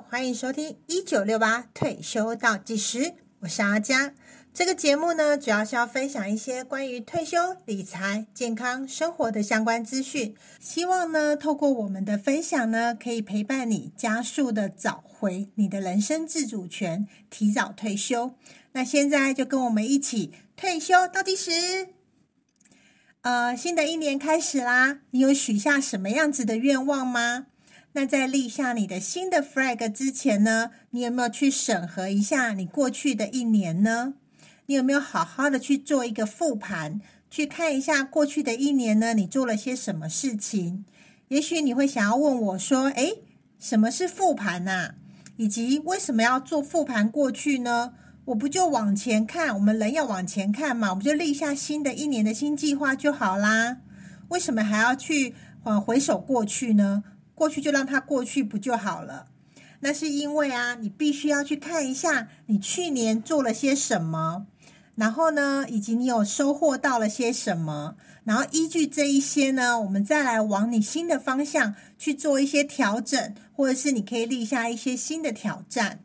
歡迎收聽一九六八退休倒計時，我是阿佳，這個節目呢，主要是要分享一些關於退休理財、健康生活的相關資訊。希望呢，透過我們的分享呢，可以陪伴你，加速的找回你的人生自主權，提早退休。那現在就跟我們一起退休倒計時。呃，新的一年開始啦，你有許下什麼樣子的願望嗎？那在立下你的新的 flag 之前呢，你有沒有去審核一下你過去的一年呢？你有沒有好好的去做一個復盤，去看一下過去的一年呢？你做了些什麼事情？也許你會想要問我說：“誒，什麼是復盤吶、啊？以及為什麼要做復盤過去呢？我不就往前看，我們人要往前看嘛，我不就立下新的一年的新計劃就好啦？為什麼還要去往回首過去呢？”過去就讓它過去不就好了？那是因為啊，你必須要去看一下你去年做了些什麼，然後呢，以及你有收穫到了些什麼，然後依據這一些呢，我們再來往你新的方向去做一些調整，或者是你可以立下一些新的挑戰。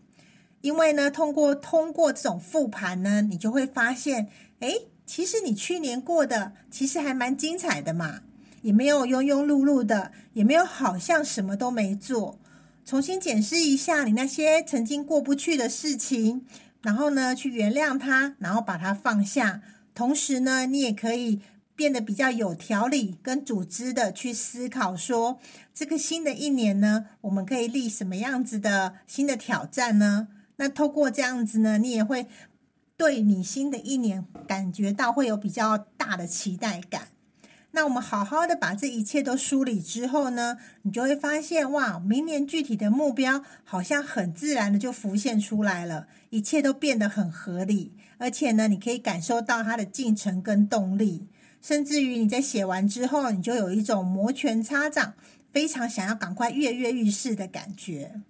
因為呢，通過通過這種復盤呢，你就會發現，誒，其實你去年過的其實還蠻精彩的嘛。也沒有庸庸碌碌的，也沒有好像什麼都沒做。重新檢視一下你那些曾經過不去的事情，然後呢，去原諒它，然後把它放下。同時呢，你也可以變得比較有條理、跟組織的去思考說，說這個新的一年呢，我們可以立什麼樣子的新的挑戰呢？那透過這樣子呢，你也會對你新的一年感覺到會有比較大的期待感。那我們好好的把這一切都梳理之後呢，你就會發現，哇，明年具體的目標好像很自然的就浮現出來了，一切都變得很合理，而且呢，你可以感受到它的進程跟動力，甚至於你在寫完之後，你就有一種摩拳擦掌，非常想要趕快躍躍欲試的感覺。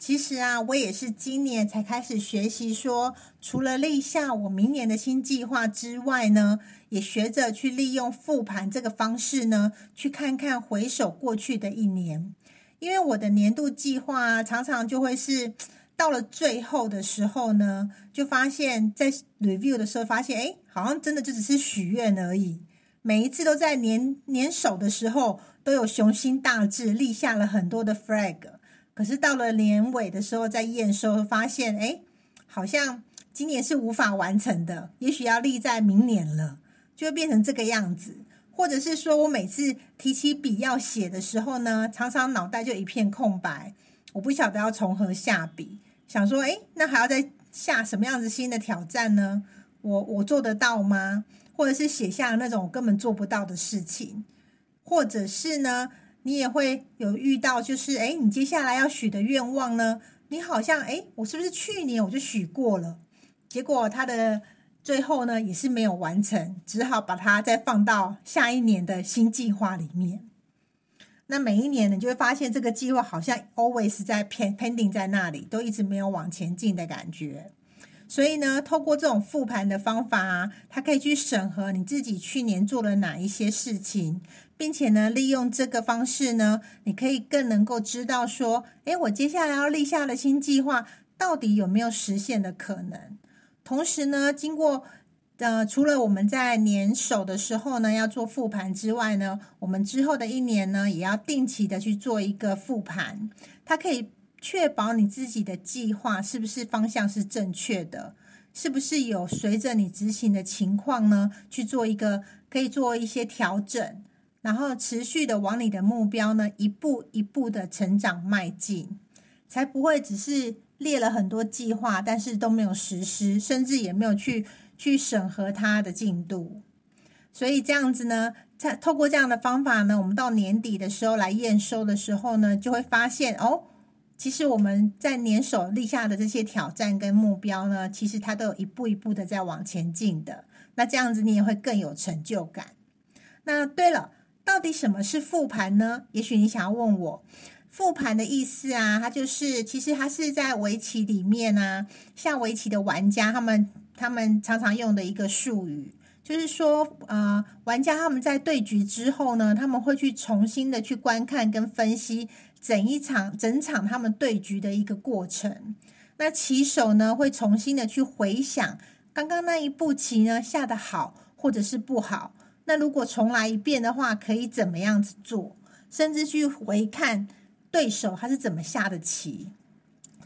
其實啊，我也是今年才開始學習說，除了立下我明年的新計劃之外呢，也學着去利用復盤這個方式呢，去看看回首過去的一年。因為我的年度計劃啊，常常就會是到了最後的時候呢，就發現，在 review 的時候發現，哎，好像真的就只是許願而已。每一次都在年年首的時候都有雄心大志，立下了很多的 flag。可是到了年尾的時候，再驗收發現，哎，好像今年是無法完成的，也許要立在明年了，就會變成這個樣子。或者是說我每次提起筆要寫的時候呢，常常腦袋就一片空白，我不曉得要從何下筆。想說，哎，那還要再下什麼樣子新的挑戰呢？我我做得到嗎？或者是寫下那種我根本做不到的事情，或者是呢？你也會有遇到，就是誒你接下來要許的願望呢？你好像誒我是不是去年我就許過了？結果他的最後呢，也是沒有完成，只好把它再放到下一年的新計劃裡面。那每一年你就會發現，這個計劃好像 always 在 pending 在那裡，都一直沒有往前進的感覺。所以呢，透過這種復盤的方法啊，它可以去審核你自己去年做了哪一些事情，並且呢，利用這個方式呢，你可以更能夠知道說，哎，我接下來要立下的新計劃到底有沒有實現的可能。同時呢，經過呃，除了我們在年首的時候呢要做復盤之外呢，我們之後的一年呢，也要定期的去做一個復盤，它可以。確保你自己的計劃是不是方向是正確的，是不是有隨着你執行的情況呢去做一個可以做一些調整，然後持續的往你的目標呢一步一步的成長邁進，才不會只是列了很多計劃，但是都沒有實施，甚至也沒有去去審核它的進度。所以這樣子呢，在透過這樣的方法呢，我們到年底的時候來驗收的時候呢，就會發現哦。其實我們在年首立下的這些挑戰跟目標呢，其實它都有一步一步的在往前進的。那這樣子你也會更有成就感。那對了，到底什麼是復盤呢？也許你想要問我，復盤的意思啊，它就是其實它是在圍棋裡面啊，下圍棋的玩家他們他們常常用的一個術語，就是說呃，玩家他們在對局之後呢，他們會去重新的去觀看跟分析。整一場、整場他們對局的一個過程，那棋手呢，會重新的去回想剛剛那一步棋呢下得好，或者是不好，那如果重來一遍的話，可以怎麼樣子做，甚至去回看對手他是怎麼下的棋。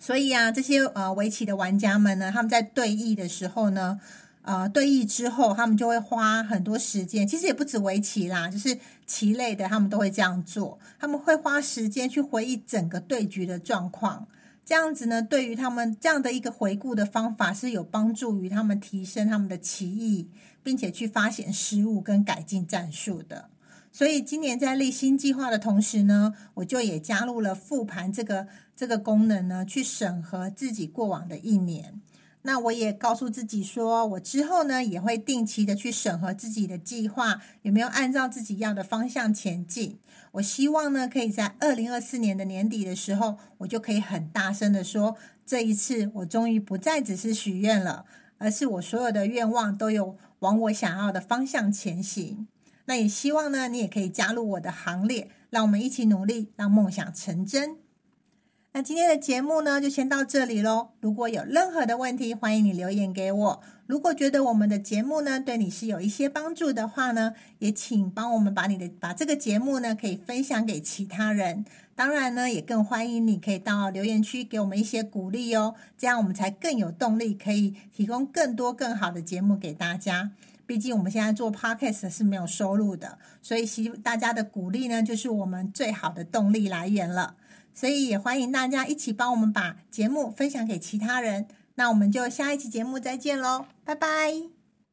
所以啊，這些呃圍棋的玩家們呢，他們在對弈的時候呢。呃，對弈之後，他們就會花很多時間。其實也不止圍棋啦，就是棋類的，他們都會這樣做。他們會花時間去回憶整個對局的狀況。這樣子呢，對於他們這樣的一個回顧的方法是有幫助於他們提升他們的棋藝，並且去發現失誤跟改進戰術的。所以今年在立新計劃的同時呢，我就也加入了復盤這個這個功能呢，去審核自己過往的一年。那我也告訴自己說，我之後呢也會定期的去審核自己的計劃，有沒有按照自己要的方向前進。我希望呢，可以在二零二四年的年底的時候，我就可以很大聲的說，這一次我終於不再只是許願了，而是我所有的願望都有往我想要的方向前行。那也希望呢，你也可以加入我的行列，讓我們一起努力，讓夢想成真。那今天的節目呢，就先到這裡嘍。如果有任何的問題，歡迎你留言給我。如果覺得我們的節目呢，對你是有一些幫助的話呢，也請幫我們把你的把這個節目呢，可以分享給其他人。當然呢，也更歡迎你可以到留言區給我們一些鼓勵哦，這樣我們才更有動力，可以提供更多更好的節目給大家。畢竟我們現在做 Podcast 是沒有收入的，所以希望大家的鼓勵呢，就是我們最好的動力來源了。所以也歡迎大家一起幫我們把節目分享給其他人。那我們就下一期節目再見嘍，拜拜。